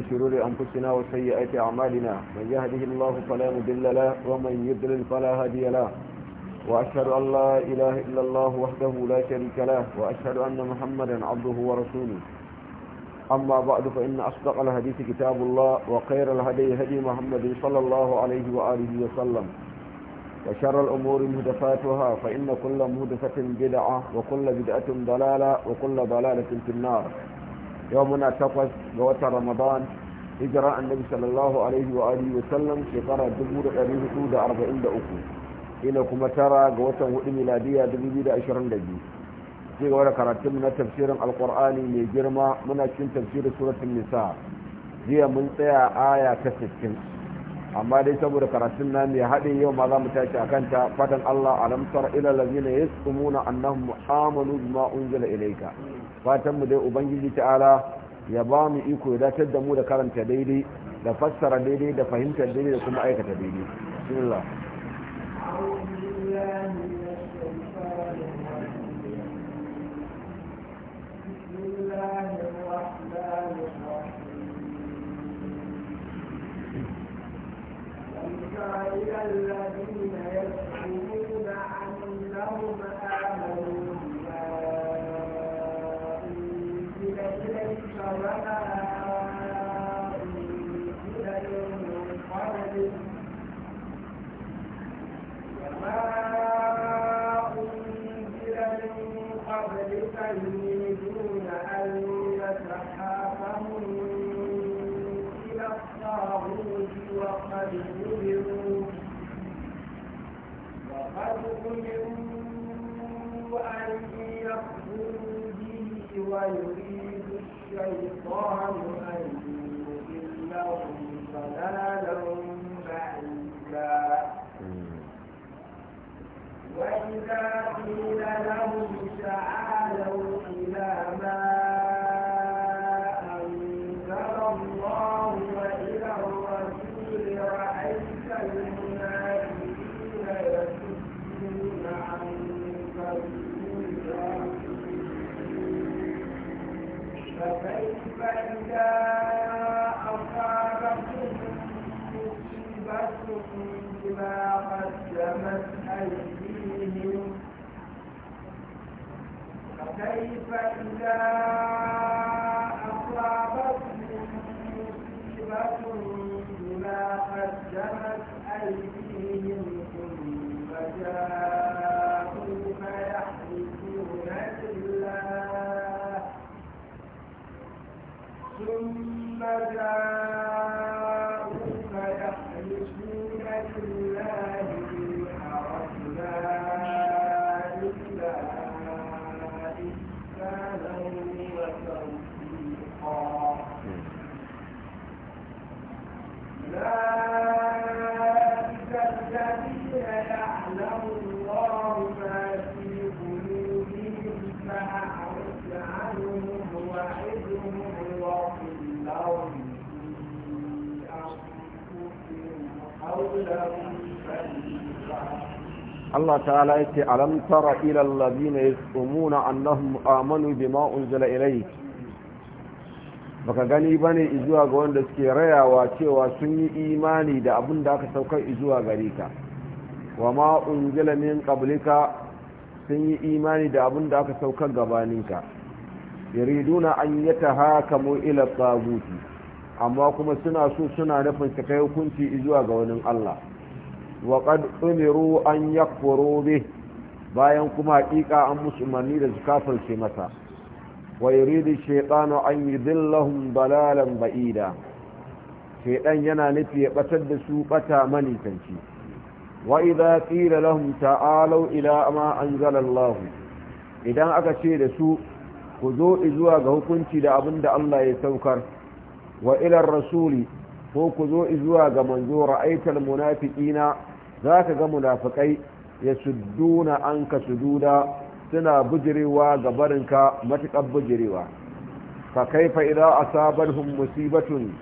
من شرور أنفسنا وسيئات أعمالنا من يهده الله فلا مضل له ومن يضلل فلا هادي له وأشهد أن لا إله إلا الله وحده لا شريك له وأشهد أن محمدا عبده ورسوله أما بعد فإن أصدق الحديث كتاب الله وخير الهدي هدي محمد صلى الله عليه وآله وسلم وشر الأمور مهدفاتها فإن كل مهدفة بدعة وكل بدعة ضلالة وكل ضلالة في النار yau muna takwas ga watan ramadan hijira annabi sallallahu alaihi wa alihi wa sallam shekara 1443 ina kuma tara ga watan hudu miladiya 2022 ci gaba da karatun na tafsirin alkur'ani mai girma muna cikin tafsirin suratun nisa jiya mun tsaya aya ta 60 amma dai saboda karatun na mai haɗe yau ma za mu tashi a kanta fadan Allah alamtar ila lazina yasqumuna annahum amanu bima fatan mu dai ubangiji ta'ala ya ba mu iko ya datar da mu da karanta daidai da fassara daidai da fahimtar daidai da kuma aikata daidai bismillah الذين يسألون عن لهم يملكون أن يتحاكموا إلى الطاغوت وقد أمروا وقد أمروا أن يكفروا به ويريد الشيطان أن Gracias. Allah ta'ala yake alam tara ila alladhina yasumuna annahum amanu bima unzila ilayk baka gani bane izuwa ga wanda suke rayawa cewa sun yi imani da abin da aka saukar izuwa gare ka wa ma unzila min qablika sun yi imani da abin da aka saukar ka yariduna an yatahakamu ila taguti amma kuma suna so suna nufin su kai hukunci zuwa ga wani Allah wa qad an yakfuru bayan kuma hakika an musulmani da su kafirce masa wa yuridu shaytanu an yudillahum balalan ba'ida shaytan yana nufi ya batar da su bata manitanci wa idza qila lahum ta'alu ila ma anzala Allah idan aka ce da su ku zo zuwa ga hukunci da da Allah ya saukar wa ila rasuli ko ku zo zuwa ga manzo ra'aytal munafiqina za ka ga munafikai ya sudduna an ka sududa suna bujirewa ga barinka matuƙar bujirewa fa kaifa idan asabarhum musibatun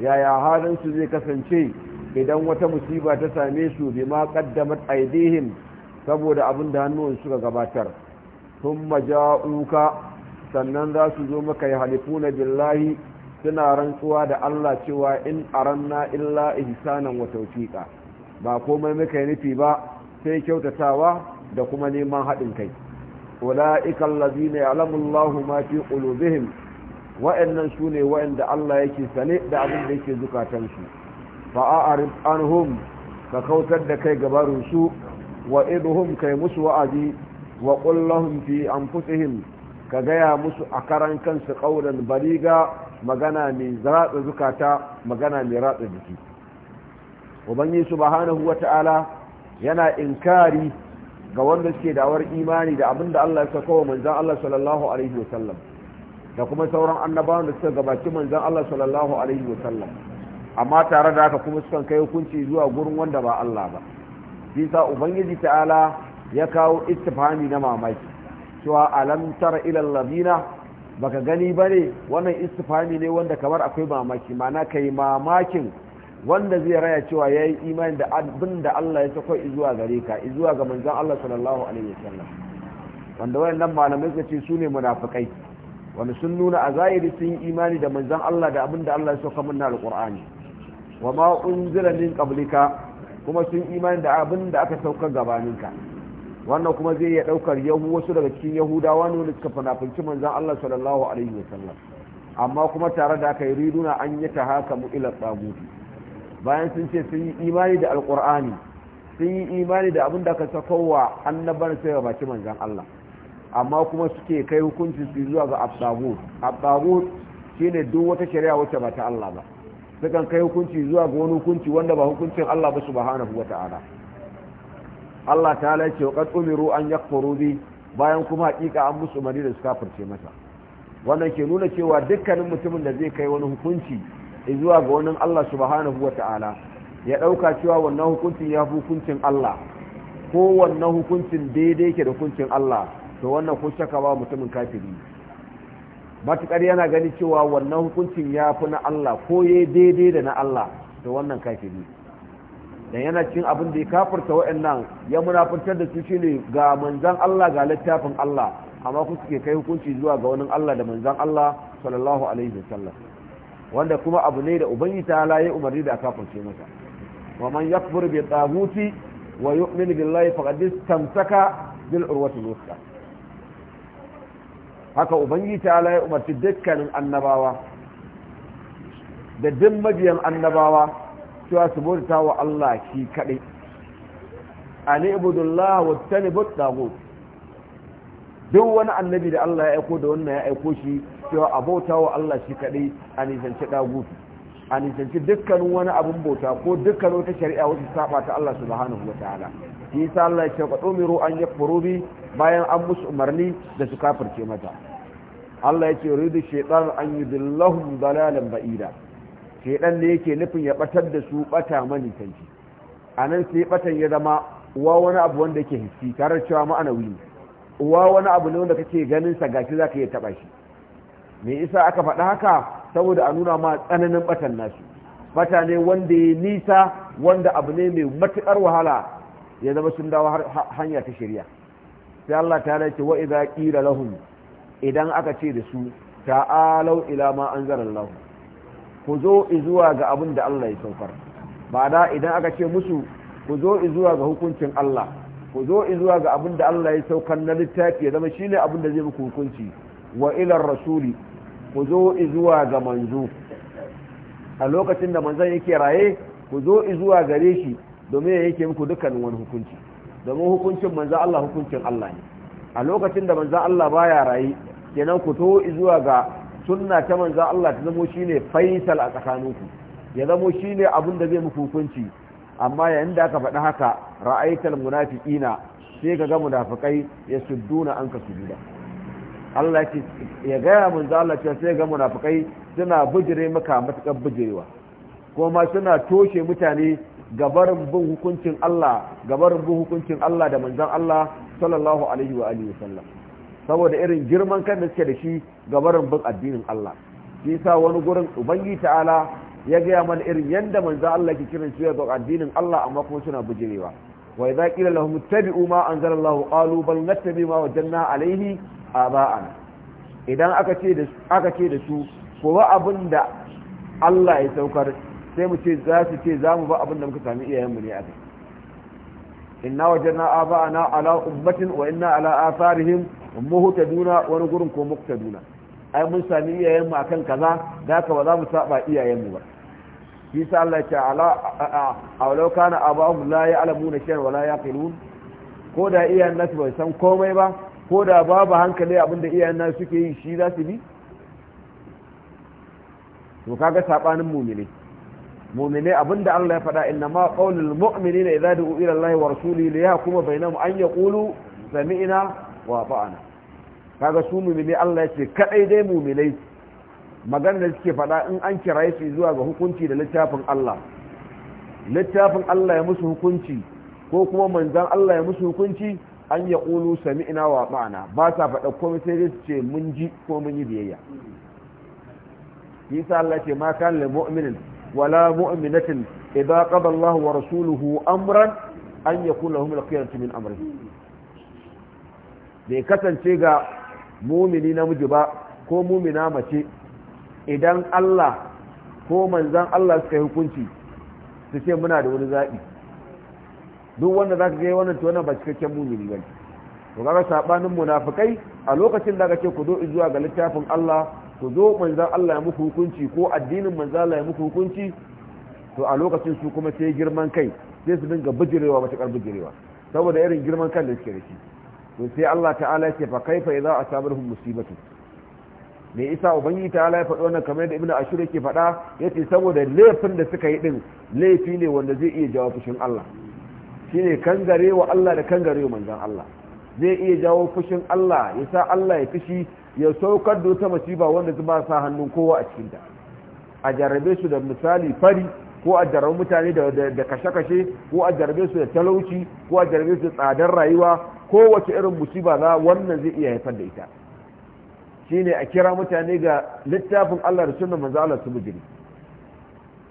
yaya halin su zai kasance idan wata musiba ta same su ma ƙaddamar aidihim saboda abin da hannuwan suka gabatar sun maja'uka sannan za su zo maka ya na billahi suna rantsuwa da Allah cewa in a ranna illa ihsanan wa tawfiqa ba komai muka yi nufi ba sai kyautatawa da kuma neman haɗin kai ula'ikan lazina ya alamullahu ma fi ƙulubihim wa'annan su ne wa'anda Allah yake sane da abin da yake zukatansu fa'a'arif anhum ka kautar da kai gabarinsu wa idhum kai musu wa'azi wa qullahum fi anfusihim ka gaya musu a karan kansu qawlan bariga, magana mai ratsa zukata magana mai ratsa jiki ubangiji subhanahu ta'ala yana inkari ga wanda suke dawar imani da abinda da Allah ya saka wa manzon Allah sallallahu alaihi wasallam da kuma sauran annabawan da suka gabaci manzon Allah sallallahu alaihi wasallam amma tare da haka kuma suka kai hukunci zuwa gurin wanda ba Allah ba bisa ubangiji ta'ala ya kawo istifhami na mamaki cewa alam tara ila alladhina baka gani bane wannan istifhami ne wanda kamar akwai mamaki ma'ana kai mamakin wanda zai raya cewa ya yi imani da abin da Allah ya sako zuwa gare ka zuwa ga manzan Allah sallallahu alaihi wasallam wanda nan malamai suka ce su ne munafikai wanda sun nuna a zahiri sun yi imani da manzan Allah da abin da Allah ya sako min na alqur'ani wa ma unzila min qablika kuma sun imani da abin da aka saukar gabaninka wannan kuma zai iya daukar yahu wasu daga cikin yahudawa ne da suka fanafinci manzan Allah sallallahu alaihi wasallam amma kuma tare da aka yi riduna an yi ta haka mu ila tsaguti bayan sun ce sun yi imani da alkur'ani sun yi imani da abin da aka sakowa annabar sai ga baki manzan Allah amma kuma suke kai hukunci su zuwa ga abdagut abdagut shine duk wata shari'a wacce ba ta Allah ba sukan kai hukunci zuwa ga wani hukunci wanda ba hukuncin Allah ba subhanahu wata'ala Allah ta'ala ya ce wa qad umiru an yakfuru bi bayan kuma hakika an musu mari da su kafirce masa wannan ke nuna cewa dukkanin mutumin da zai kai wani hukunci zuwa ga wani Allah subhanahu wa ta'ala ya ɗauka cewa wannan hukuncin ya fi hukuncin Allah ko wannan hukuncin daidai ke da hukuncin Allah to wannan ko shaka ba mutumin kafiri matuƙar yana gani cewa wannan hukuncin ya fi na Allah ko ya daidai da na Allah to wannan kafiri dan yana cin abin da ya kafirta wa'annan ya munafurtar da su shine ga manzan Allah ga littafin Allah amma ku suke kai hukunci zuwa ga wani Allah da manzan Allah sallallahu alaihi wasallam wanda kuma abu ne da ubangi ta ya umarni da aka kunce masa wa man yakfur bi taguti wa yu'min billahi faqad istamsaka bil urwati wuthqa haka ubangi ta ya umarci dukkanin annabawa da duk mabiyan annabawa cewa su bauta wa Allah shi kadai ani ibudullah wa tanibut tagut duk wani annabi da Allah ya aiko da wannan ya aiko shi cewa a bauta wa Allah shi kaɗai a nisanci ɗagutu a nisanci dukkanin wani abin bauta ko dukkan wata shari'a wata saba ta Allah subhanahu wa ta'ala shi yasa Allah ya ce ka tsomi an yi furubi bayan an musu umarni da su kafirce mata Allah ya ce yuridu shaytan an yi dillahun dalalan ba'ida shaytan ne yake nufin ya batar da su bata manisanci nan sai batan ya zama uwa wani abu wanda yake hissi tare cewa ma'anawi ne uwa wani abu ne wanda kake ganin sa gashi zaka iya taba shi me isa aka faɗa haka saboda a nuna ma tsananin ɓatan nasu ɓata ne wanda ya nisa wanda abu ne mai matuƙar wahala ya zama sun dawo hanya ta shirya sai Allah ta ce wa idza qila lahum idan aka ce da su ta'alau ila ma anzalallahu ku zo zuwa ga abin da Allah ya saukar ba da idan aka ce musu ku zo zuwa ga hukuncin Allah ku zo zuwa ga abin da Allah ya saukar na littafi ya zama shine abin da zai muku hukunci wa ilar rasuli ku zo zuwa ga manzo a lokacin da manzan yake raye ku zo zuwa gare shi domin ya yake muku dukkanin wani hukunci domin hukuncin manzan Allah hukuncin Allah ne a lokacin da manzan Allah baya raye kenan ku to zuwa ga sunna ta manzan Allah ta zamo ne faisal a tsakaninku ya zamo ne abin da zai muku hukunci amma yayin da aka faɗi haka ra'aital munafiqina sai ka ga munafikai ya sudduna an sujuda Allah ya ce ya gaya mun da Allah ce sai ga munafikai suna bujire maka matukar bujirewa kuma suna toshe mutane gabarin bin hukuncin Allah gabarin bin hukuncin Allah da manzon Allah sallallahu alaihi wa alihi wasallam saboda irin girman kan da suke da shi gabarin bin addinin Allah shi sa wani gurin ubangi ta'ala ya gaya mana irin yanda manzon Allah ke kiran su ga addinin Allah amma kuma suna bujirewa wa idza qila lahum ittabi'u ma anzalallahu qalu bal nattabi ma wajanna alayhi aba'ana idan aka ce da aka ce da su ko ba da Allah ya saukar sai mu ce za su ce za mu ba da muka sami iyayen mu ne a kai inna wajanna aba'ana ala ummatin wa inna ala atharihim muhtaduna wani gurin ko muktaduna ai mun sami iyayen iyayenmu akan kaza da haka ba za mu saba mu ba shi sa Allah ce ala a walau kana abahu la na shayar wa la yaqilun ko da iyayen nasu bai san komai ba ko da babu hankali abinda iyayen nasu suke yi shi za su bi to kaga sabanin mu'mini mu'mini abinda Allah ya faɗa inna ma qaulul mu'minina idza du'u ila Allah wa rasulihi li yahkuma bainahum an yaqulu sami'na wa ata'na kaga su mu'mini Allah ya ce kadai dai mu'minai magana da suke faɗa in an kira su zuwa ga hukunci da littafin Allah littafin Allah ya musu hukunci ko kuma manzan Allah ya musu hukunci an ya sami sami'ina wa ba'ana ba sa faɗa komai sai dai su ce mun ji ko mun yi biyayya yisa Allah ce ma kan lil mu'minin wala mu'minatin idza qada Allah wa rasuluhu amran an yakun lahum al qiyamatu min amrihi bai kasance ga mumini namiji ba ko mumina mace idan Allah ko manzan Allah suka yi hukunci su ce muna da wani zaɓi duk wanda za ka gaya wannan tuwanan ba cikakken mumini ba to kaga sabanin munafukai a lokacin da ka ce ku zo zuwa ga littafin Allah ku zo manzan Allah ya muku hukunci ko addinin manzan Allah ya muku hukunci to a lokacin su kuma sai girman kai sai su dinga bijirewa matuƙar bijirewa saboda irin girman kan da suke da shi to sai Allah ta'ala ya ce fa kaifa idza asabarhum musibatu me yasa ubangiji ta ala ya faɗi wannan kamar yadda ibnu ashur yake faɗa yace saboda laifin da suka yi din laifi ne wanda zai iya jawo fushin Allah shine kangare wa Allah da kangare wa manzon Allah zai iya jawo fushin Allah yasa Allah ya fishi ya saukar da wata masiba wanda ba sa hannun kowa a cikin ta a jarabe su da misali fari ko a jarabe mutane da kashe-kashe ko a jarabe su da talauci ko a jarabe su da tsadar rayuwa kowace irin musiba za wannan zai iya haifar da ita shine a kira mutane ga littafin Allah da sunan manzo Allah su bujiri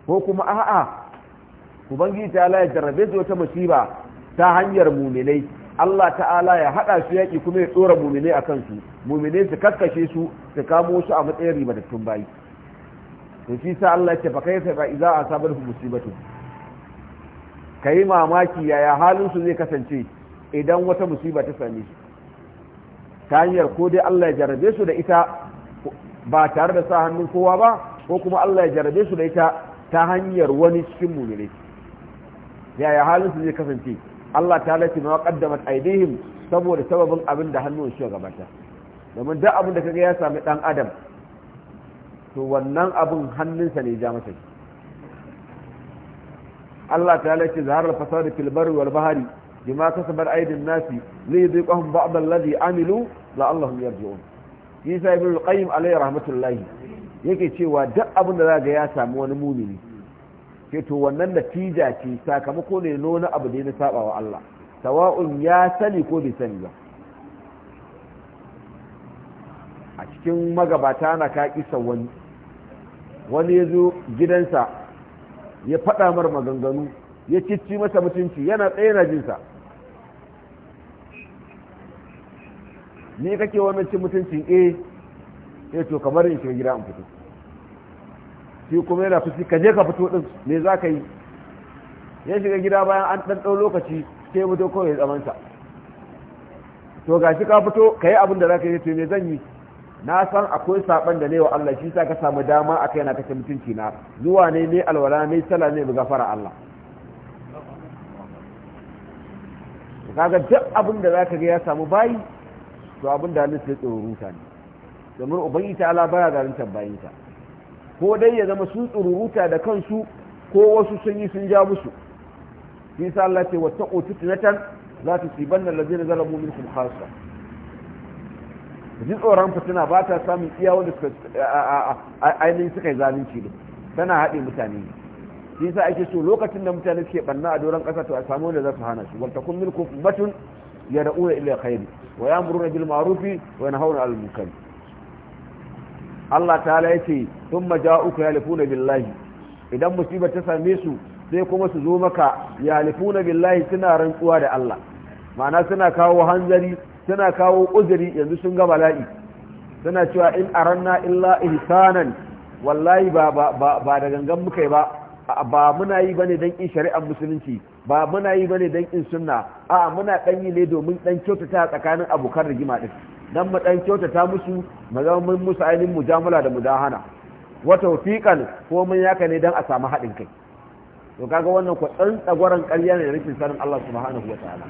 ko kuma a'a ubangiji ta Allah ya jarrabe su wata musiba ta hanyar muminai Allah ta'ala ya haɗa su yaki kuma ya tsora muminai akan su muminai su kakkashe su su kamo su a matsayin ribatattun bayi to shi sa Allah ya ce fa iza ba sabar da musibatu kai mamaki yaya halin su zai kasance idan wata musiba ta same shi ta hanyar ko dai Allah ya jarabe su da ita ba tare da sa hannun kowa ba ko kuma Allah ya jarrabe su da ita ta hanyar wani cikin mu'mini yaya halin su zai kasance Allah ta lati ma qaddamat aidihim saboda sababin abin da hannun shi gabata domin duk abin da kaga ya sami ɗan adam to wannan abin hannunsa ne ja masa Allah ta lati zahar al-fasad fil barri wal bahari بما kasabar aidin nasi ليذيقهم بعض الذي عملوا alladhi amilu la allahum yarji'un isa ibn al-qayyim yake cewa duk abin da za ga ya samu wani mumini ke to wannan natija ce sakamako ne na nuna abu da ya saba wa Allah sawa'un ya sani ko bai sani ba a cikin magabata na ka kisa wani wani ya zo gidansa ya faɗa mar maganganu ya cicci masa mutunci yana tsaye na jinsa ni kake wannan cin mutuncin A? Eh, ya eh, to kamar in shiga gida in fito shi kuma yana fushi ka je ka fito din me za ka yi ya shiga gida bayan an ɗan ɗau lokaci sai fito kawai ya tsamanta to ga shi ka fito ka yi abin da za ka yi to me zan yi na san akwai saban da ne wa Allah shi sa ka samu dama a kai na kace mutunci na zuwa ne ne alwala ne sallah ne buga fara Allah kaga duk abin da za ka ga ya samu bayi to abin da halittu ya ruta ne domin uban ta ala baya garantar bayinsa ko dai ya zama su tsoruruta da kansu ko wasu sun yi sun ja musu fi sa Allah ce wata fitnatan la na allazina zalamu minkum hasa ji tsoron fitina ba ta samun iya wanda suka ainihin suka yi zalunci ne tana haɗe mutane ne shi sa ake so lokacin da mutane suke ɓanna a doron ƙasa to a samu wanda za su hana su wata kun milku batun yad'una ila khairi wa ya'muruna bil ma'rufi wa yanhauna 'anil munkari Allah ta'ala yace thumma ja'uka yalifuna billahi idan musiba ta same su sai kuma su zo maka yalifuna billahi suna rantsuwa da Allah ma'ana suna kawo hanzari suna kawo uzuri yanzu sun ga bala'i suna cewa in aranna illa ihsanan wallahi ba ba ba da gangan muka yi ba ba muna yi bane dan in shari'ar musulunci ba muna yi bane dan in sunna a muna dan yi ne domin dan kyautata tsakanin abokan rigima din dan mu dan kyautata musu mu zama mun musu ainihin mujamala da mudahana wa tawfiqan ko mun yaka ne dan a samu haɗin kai to kaga wannan ku dan tsagwaran ƙarya ne da rikin sanin Allah subhanahu ta'ala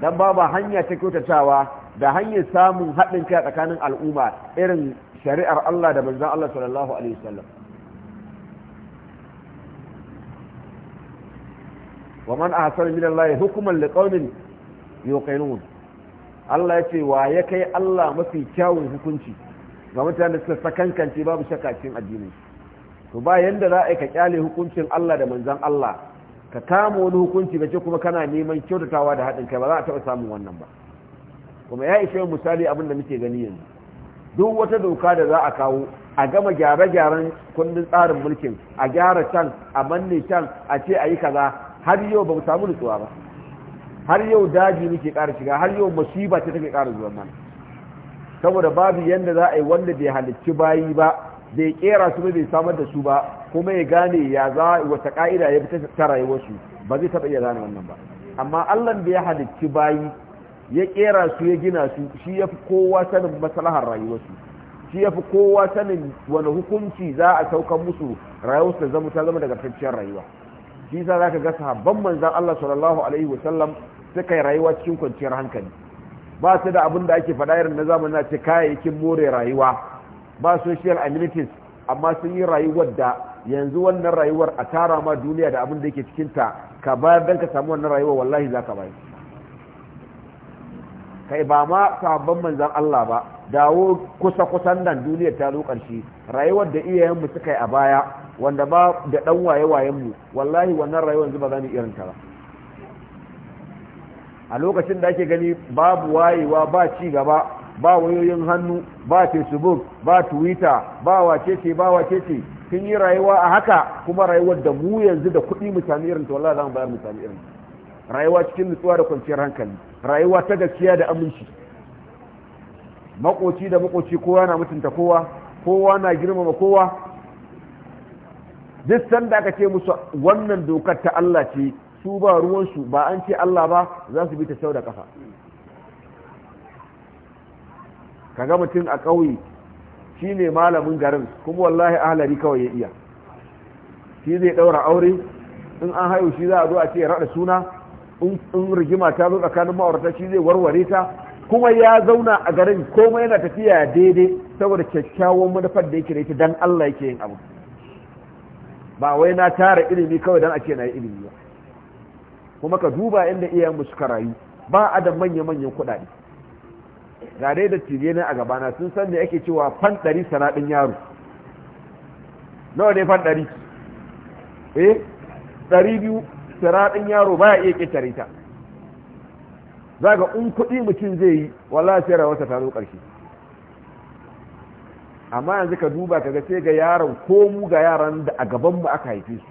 dan babu hanya ta kyautatawa da hanyar samun haɗin kai tsakanin al'umma irin shari'ar Allah da manzon Allah sallallahu alaihi wasallam wa أحسن من الله حكما لقوم يوقنون الله Allah yace wa ya kai Allah mafi kyawun hukunci ga mutane da suka sakankance babu shakka cikin addinin to ba yanda za a ka kyale hukuncin Allah da manzon Allah ka kama wani hukunci ba ce kuma kana neman kyautatawa da haɗin kai ba za a taɓa samun wannan ba kuma ya ishe misali abin da muke gani yanzu duk wata doka da za a kawo a gama gyare-gyaren kundin tsarin mulkin a gyara can a manne can a ce a yi kaza har yau ba mu samu nutsuwa ba har yau daji muke ƙara shiga har yau masiba ce take ƙara zuwa mana saboda babu yanda za a yi wanda bai halicci bayi ba bai kera su bai samar da su ba kuma ya gane ya za wata ka'ida ya fita ta rayuwarsu ba zai taɓa iya gane wannan ba amma allah da ya halicci bayi ya kera su ya gina su shi ya fi kowa sanin maslahar rayuwarsu shi ya fi kowa sanin wani hukunci za a saukan musu su ta zama ta zama daga rayuwa shi za ka ga sahabban manzan Allah sallallahu alaihi wasallam suka yi rayuwa cikin kwanciyar hankali ba su da abin da ake faɗa irin na zamanin ce kayayyakin more rayuwa ba social amenities amma sun yi rayuwar da yanzu wannan rayuwar a tara ma duniya da abin da yake cikin ta ka bayar don ka samu wannan rayuwar wallahi za ka bayar kai ba ma sahabban manzan Allah ba dawo kusa kusan nan duniya ta zo ƙarshe rayuwar da iyayenmu suka yi a baya wanda ba da dan waye wayen mu wallahi wannan rayuwar yanzu ba za mu irin ta ba a lokacin da ake gani babu wayewa ba ci gaba ba wayoyin hannu ba facebook ba twitter ba wacece ba wacece sun yi rayuwa a haka kuma rayuwar da mu yanzu da kuɗi mu sami irin ta wallahi za mu bayar mu sami irin rayuwa cikin nutsuwa da kwanciyar hankali rayuwa ta gaskiya da aminci makoci da makoci kowa na mutunta kowa kowa na girmama kowa duk sanda aka ce musu wannan dokar ta Allah ce su ba ruwansu ba an ce Allah ba za su bi ta sau da kafa kaga mutum a ƙauye shi ne malamin garin kuma wallahi ahalari kawai ya iya shi zai ɗaura aure in an haihu shi za a zo a ce ya raɗa suna in rigima ta zo tsakanin ma'aurata shi zai warware ta kuma ya zauna a garin komai yana tafiya daidai saboda kyakkyawan manufar da yake da ita dan Allah yake yin abu ba wai na tara ilimi kawai don ake na yi ilimi ba kuma ka duba inda iyayenmu suka rayu ba a da manya-manyan kuɗaɗe ga dai da tije a gabana sun san da yake cewa fan ɗari sanaɗin yaro nawa ne fan ɗari eh ɗari biyu sanaɗin yaro ba ya iya ƙetare ta za ga in kuɗi mutum zai yi wallahi sai rawarsa ta zo ƙarshe amma yanzu ka duba kaga sai ga yaron ko mu ga yaran da a gaban mu aka haife su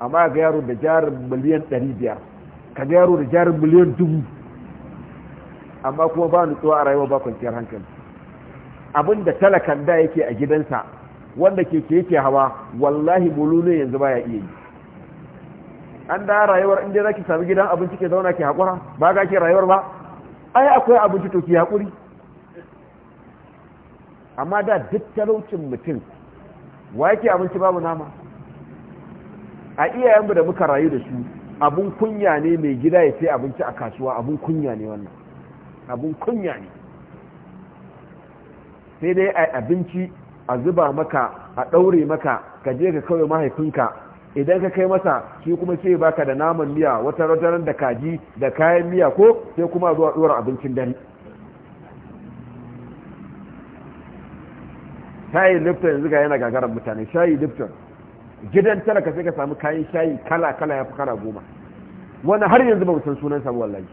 amma ga yaro da jarin miliyan 500 ga yaro da jarin miliyan 1000 amma kuma ba nutsuwa a rayuwa ba kwanciyar hankali abin da talakan da yake a gidansa wanda ke ke yake hawa wallahi bululu yanzu baya iya yi an da rayuwar inda zaki sami gidan abinci ke zauna ke haƙura ba ga ke rayuwar ba ai akwai abinci to ki haƙuri amma da duk talaucin mutum wa yake abinci babu nama a iyayenmu da muka rayu da su abun kunya ne mai gida ya ce abinci a kasuwa abun kunya ne wannan abun kunya ne sai dai a abinci a zuba maka a ɗaure maka ka je ka kawai mahaifinka idan ka kai masa shi kuma sai baka da naman miya wata rajaran da kaji da kayan miya ko sai kuma zuwa ɗora abincin dare shayi lifton yanzu ga yana gagarar mutane shayi lifton gidan talaka sai ka samu kayan shayi kala kala ya fi kara goma wani har yanzu ba san sunan sabuwar wallahi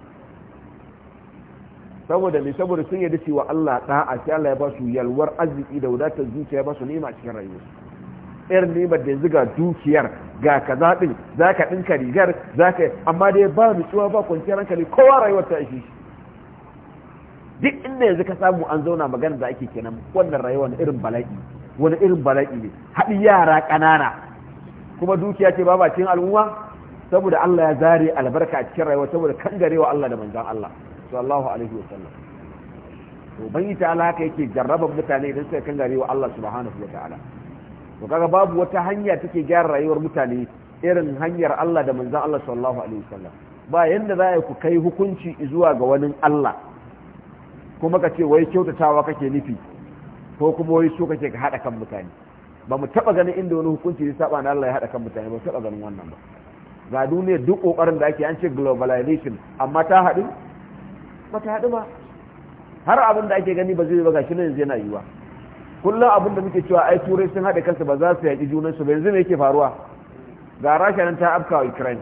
saboda mai saboda sun yi dace wa Allah da'a sai Allah ya ba su yalwar arziki da wadatar zuciya ya ba su nema cikin rayuwa irin nemar da yanzu ga dukiyar ga ka kaza za zaka ɗinka rigar zaka amma dai ba nutsuwa ba kwanciyar hankali kowa rayuwar ta ishe shi duk inda yanzu ka samu an zauna magana da ake kenan wannan rayuwa na irin bala'i wani irin bala'i ne haɗi yara ƙanana kuma dukiya ce ba cikin al'umma saboda Allah ya zare albarka a cikin rayuwa saboda kangarewa Allah da manzon Allah sallallahu alaihi wa sallam to ubangi ta Allah haka yake jarraba mutane idan suka kangarewa Allah subhanahu wa ta'ala to kaga babu wata hanya take gyara rayuwar mutane irin hanyar Allah da manzon Allah sallallahu alaihi wa sallam ba yanda za ku kai hukunci zuwa ga wani Allah kuma ka ce wai kyautatawa kake nufi ko kuma wai so kake ka haɗa kan mutane ba mu taɓa ganin inda wani hukunci ya saba na Allah ya haɗa kan mutane ba taɓa ganin wannan ba ga duniyar duk kokarin da ake an ce globalization amma ta haɗu ba ta haɗu ba har abin da ake gani ba zai ba gashi nan yanzu yana yiwa kullum abin da muke cewa ai turai sun haɗa kansu ba za su junan su ba yanzu me yake faruwa ga rasha nan ta afka ukraine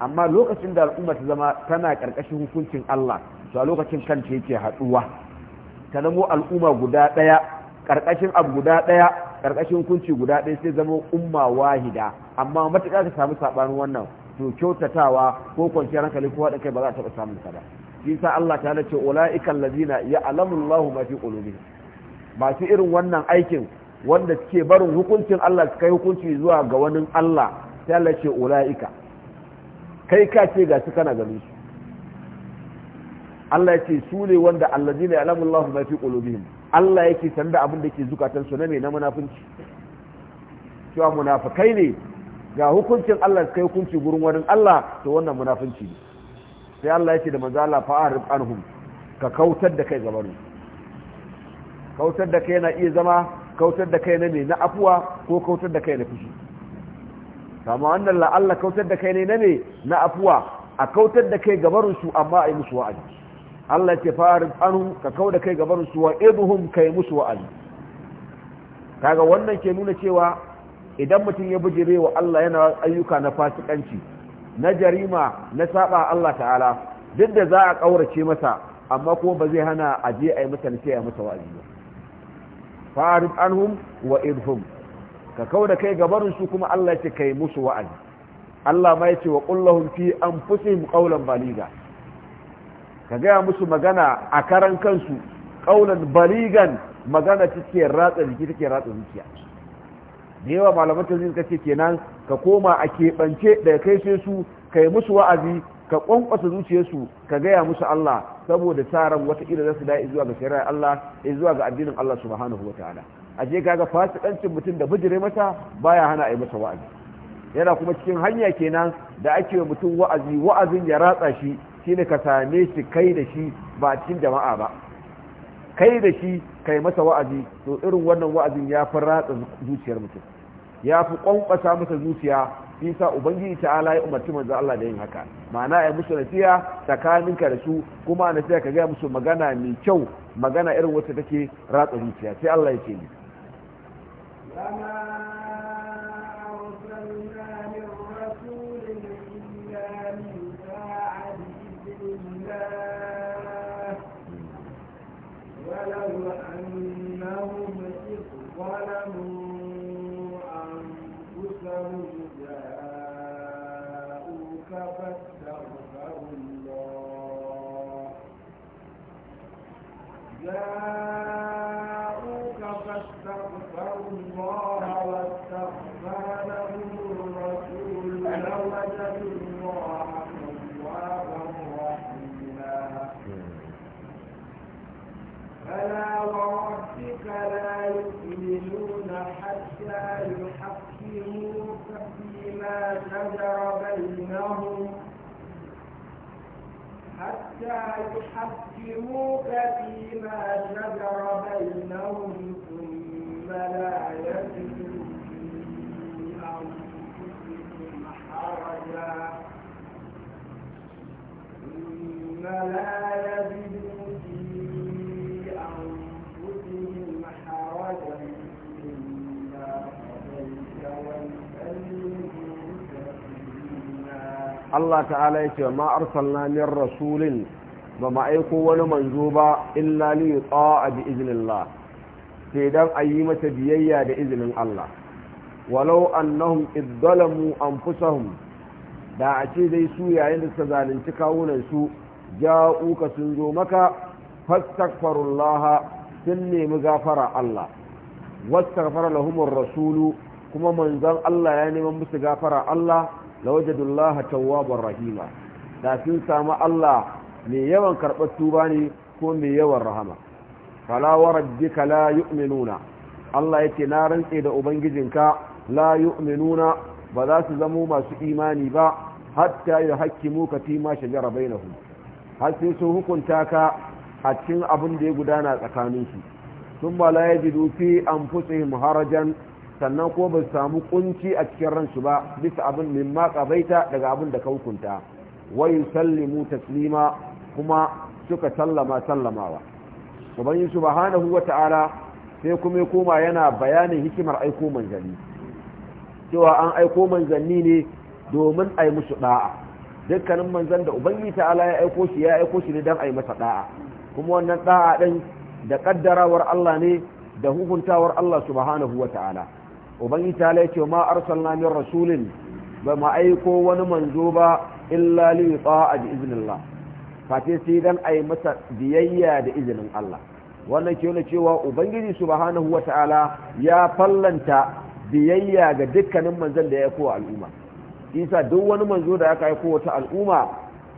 amma lokacin da al'umma ta zama tana ƙarƙashin hukuncin Allah to a lokacin kanta yake haɗuwa ta zama al'umma guda ɗaya ƙarƙashin abu guda ɗaya ƙarƙashin hukunci guda ɗaya sai zama umma wahida amma matuƙa ka samu saɓanin wannan to kyautatawa ko kwanciyar hankali ko haɗa kai ba za a taɓa samun ka ba shi sa Allah ta ce ula'ika allazina ya'lamu Allahu ma fi qulubihim masu irin wannan aikin wanda suke barin hukuncin Allah su kai hukunci zuwa ga wani Allah ta ce ula'ika kai ka ce ga shi kana ganin su Allah ya ce su ne wanda allazi ne alamullahu ma fi qulubihim Allah yake sanda abin da ke zukatan su na ne na munafunci cewa munafikai ne ga hukuncin Allah kai hukunci gurin wani Allah to wannan munafunci ne sai Allah ya ce da manzo Allah fa'arif anhum ka kautar da kai gabaru kautar da kai na iya zama kautar da kai na me na afuwa ko kautar da kai na fushi kama wannan la'alla kautar da kai ne na ne na afuwa a kautar da kai gabarin su amma a musu wa'azi Allah ce farin anu ka kau da kai gabarin su wa ka kai musu wa'azi kaga wannan ke nuna cewa idan mutum ya bijire wa Allah yana ayyuka na fasikanci na jarima na saba Allah ta'ala duk da za a kaurace masa amma kuma ba zai hana a je a yi masa masa wa'azi ba farin anhum wa idhum ka kau da kai gabarin su kuma Allah ya ce kai musu wa'azi Allah ma ce wa kullahum an fi anfusihim qawlan baliga ka gaya musu magana a karan kansu qawlan baligan magana take ratsa jiki take ratsa zuciya da yawa malaman tafsir kace kenan ka koma a keɓance daga kai sai su kai musu wa'azi ka kwankwasa zuciyarsu ka gaya musu Allah saboda tsaron wata ila za su da'i zuwa ga shari'ar Allah zuwa ga addinin Allah subhanahu wa ta'ala ashe kaga fasikancin mutum da bijire masa baya hana a yi masa wa'azi yana kuma cikin hanya kenan da ake mutum wa'azi wa'azin ya ratsa shi shine ka same shi kai da shi ba cikin jama'a ba kai da shi kai masa wa'azi to irin wannan wa'azin ya fi ratsa zuciyar mutum ya fi kwankwasa masa zuciya shi sa ubangiji ta'ala ya umarci manzo Allah da yin haka ma'ana ya musu nasiha ka da su kuma nasiha ka gaya musu magana mai kyau magana irin wacce take ratsa zuciya sai Allah ya ce ni فما أرسلنا من رسول إلا من ساعة بإذن الله ولو أنهم إذ ظلموا أنفسهم جاءوك فاستغفروا الله حتى يحكموك فيما شجر بينهم ثم لا Allah ta'ala ya ce ma arsalna min rasulin ba ma aiko wani manzo ba illa li a bi iznillah sai dan ayi mata biyayya da izinin Allah walau annahum idzalamu anfusahum da a ce dai su yayin da suka zalunci kawunan su ja'uka sun zo maka fastaghfirullah sun nemi gafara Allah wastaghfara lahumur rasulu kuma manzon Allah ya neman musu gafara Allah lawajadullaha tawwabar rahima da sun samu Allah mai yawan karɓar tuba ne ko mai yawan rahama fala warabbika la yu'minuna Allah yake na rantse da ubangijinka la yu'minuna ba za su zamo masu imani ba hatta ya mu ka fi ma shajara bainahu har sai sun hukunta ka a cikin abin da ya gudana tsakaninsu sun ba la yajidu fi anfusihim harajan sannan ko ba samu kunci a cikin ransu ba bisa abin min ma kabaita daga abin da ka hukunta wa taslima kuma suka sallama sallamawa ubangi subhanahu wata'ala sai kuma koma yana bayanin hikimar aiko manzanni cewa an aiko manzanni ne domin ai musu da'a dukkanin manzan da ubangi ta'ala ya aiko shi ya aiko shi ne dan ai masa da'a kuma wannan da'a din da kaddarawar Allah ne da hukuntawar Allah subhanahu wata'ala ubangiji ya ce ma arsalna rasulin ba ma aiko wani manzo ba illa li a bi iznillah Fati sai dan ayi masa biyayya da izinin Allah wannan ke nuna cewa ubangiji subhanahu ta'ala ya fallanta biyayya ga dukkanin manzon da ya aiko al'umma isa duk wani manzo da aka aiko wata al'umma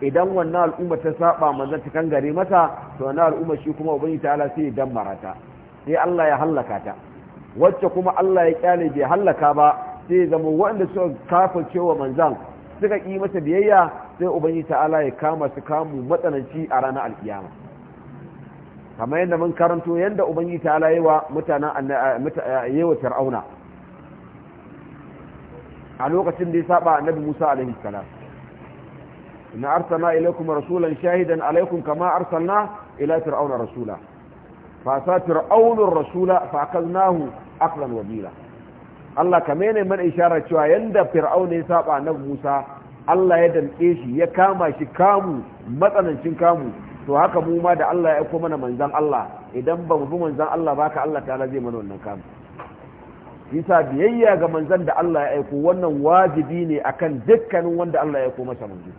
idan wannan al'umma ta saba manzon ta kangare mata to wannan al'umma shi kuma ubangiji ta'ala sai ya dammara ta sai Allah ya hallaka ta wacce kuma Allah ya kyale bai hallaka ba sai zama wanda suka kafa cewa manzan suka yi masa biyayya sai ubangiji ta'ala ya kama su kamu matsananci a ranar alkiyama kamar yadda mun karanto yadda ubangiji ta'ala yawa mutanen yawa fir'auna a lokacin da ya saba annabi Musa alaihi salam inna arsalna ilaykum rasulan shahidan alaykum kama arsalna ila fir'auna rasula fa sa fir'aunur rasula fa akalnahu aklan wabila Allah ka mene mana isharar cewa yanda Fir'aun ya saba na Musa Allah ya danɗe shi ya kama shi kamu matsanancin kamu to haka mu ma da Allah ya aiko mana manzan Allah idan ba mu bi manzan Allah ba ka Allah ta'ala zai mana wannan kamu Yasa biyayya ga manzan da Allah ya aiko wannan wajibi ne akan dukkanin wanda Allah ya aiko masa manzo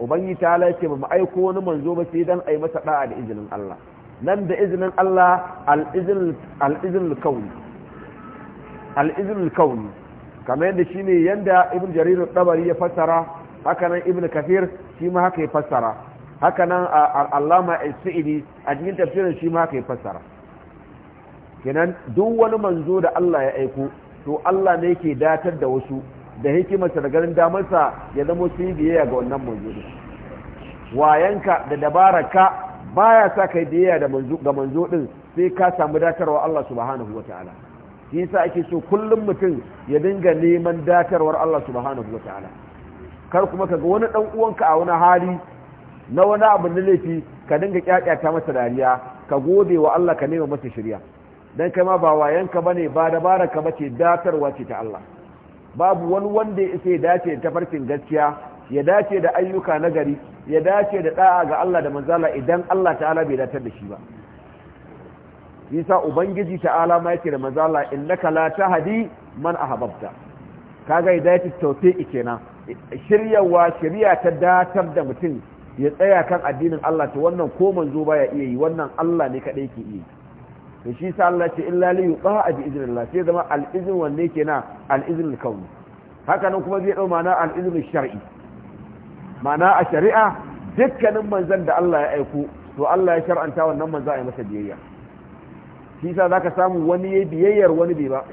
ubangi ta'ala ya ba mu aiko wani manzo ba sai dan ai masa da'a da izinin Allah nan da izinin Allah al-izn al al al'izinul kauni kamar yadda shi ne yadda ibn jaririn ɗabari ya fassara hakanan ibn kafir shi ma haka ya fassara hakanan allama isa'idi a cikin tafsirin shi ma haka ya fassara kenan duk wani manzo da allah ya aiko to allah ne ke datar da wasu da hikimarsa da ganin damarsa ya zama su yi biyayya ga wannan manzo wayanka da dabararka baya sa kai biyayya ga manzo ɗin, sai ka samu datarwa allah subhanahu ta'ala. shi yasa ake so kullum mutum ya dinga neman datarwar Allah subhanahu wataala kar kuma kaga wani dan uwanka a wani hali na wani abu na laifi ka dinga kyakyata masa dariya ka gode wa Allah ka nema masa shirya dan kai ma ba wayanka bane ba da ka bace datarwa ce ta Allah babu wani wanda ya isa ya dace da tafarkin gaskiya ya dace da ayyuka nagari ya dace da da'a ga Allah da manzala idan Allah ta'ala bai datar da shi ba yasa ubangiji ta'ala ma yake da manzo Allah innaka la tahdi man ahbabta kaga hidayatu tawfiqi kenan shiryawa shiriya ta datar da mutum ya tsaya kan addinin Allah to wannan ko manzo baya iya yi wannan Allah ne kadai ke yi to shi sa Allah ce illa li yuqa bi sai zama al izn wanne kenan al izn al kauni haka nan kuma zai dau ma'ana al izn al shar'i ma'ana a shari'a dukkanin manzon da Allah ya aiko to Allah ya shar'anta wannan manzo a masa biyayya shi za ka samu wani ya biyayyar wani bai ba